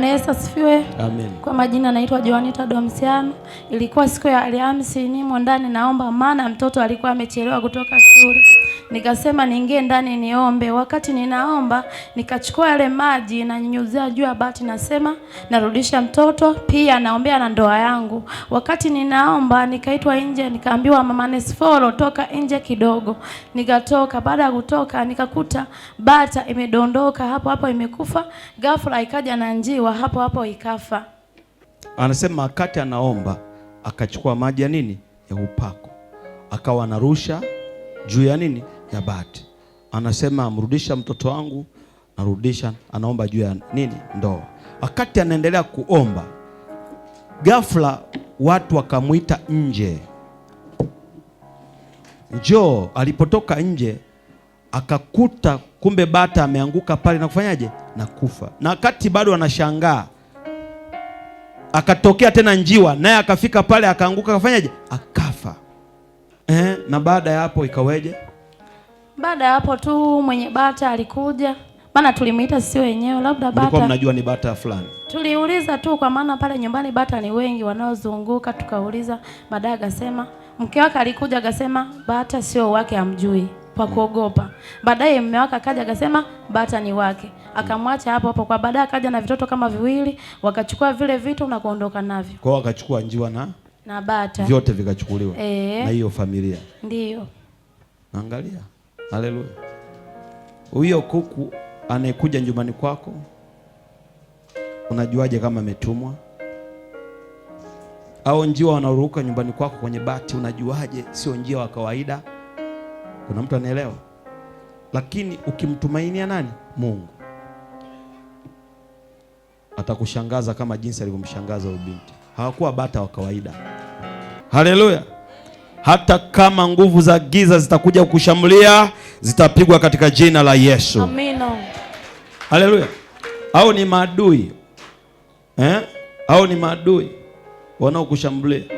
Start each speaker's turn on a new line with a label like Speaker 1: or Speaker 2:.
Speaker 1: Bwana Yesu asifiwe. Amen. Kwa majina naitwa Joanita Domsiano. Ilikuwa siku ya Alhamisi, nimo ndani naomba, maana mtoto alikuwa amechelewa kutoka shule. Nikasema niingie ndani niombe. Wakati ninaomba, nikachukua yale maji na nyunyuzia juu ya bati, nasema narudisha mtoto, pia naombea na ndoa yangu. Wakati ninaomba, nikaitwa nje, nikaambiwa mama Nesforo, toka nje kidogo. Nikatoka, baada ya kutoka nikakuta bata imedondoka hapo hapo imekufa. Ghafla ikaja na njiwa wa hapo hapo ikafa.
Speaker 2: Anasema wakati anaomba akachukua maji ya nini ya upako akawa anarusha juu ya nini ya bati. Anasema amrudisha mtoto wangu, narudisha. Anaomba juu ya nini ndoa. Wakati anaendelea kuomba, ghafla watu wakamwita nje, njoo. Alipotoka nje akakuta kumbe bata ameanguka pale na kufanyaje na kufa. Na wakati bado anashangaa, akatokea tena njiwa, naye akafika pale, akaanguka, akafanyaje? Akafa. Eh, na baada ya hapo ikaweje?
Speaker 1: Baada ya hapo tu mwenye bata alikuja, maana tulimuita sisi wenyewe, labda bata mlikuwa
Speaker 2: mnajua ni bata fulani.
Speaker 1: Tuliuliza tu kwa maana pale nyumbani bata ni wengi wanaozunguka, tukauliza. Baadaye akasema mke wake alikuja, akasema bata sio wake, amjui kwa kuogopa. Baadaye mume wake akaja akasema bata ni wake, akamwacha hapo hapo. Kwa baadaye akaja na vitoto kama viwili, wakachukua vile vitu na kuondoka navyo.
Speaker 2: Kwa hiyo wakachukua njiwa na na bata, vyote vikachukuliwa e, na hiyo familia. Ndiyo, angalia, haleluya! Huyo kuku anayekuja nyumbani kwako unajuaje kama ametumwa? Au njiwa wanaoruka nyumbani kwako kwenye bati unajuaje sio njiwa wa kawaida? Kuna mtu anaelewa? Lakini ukimtumainia nani? Mungu atakushangaza kama jinsi alivyomshangaza huyo binti. Hawakuwa bata wa kawaida. Haleluya! Hata kama nguvu za giza zitakuja kukushambulia, zitapigwa katika jina la Yesu. Amina. Haleluya! Au ni maadui eh? Au ni maadui wanaokushambulia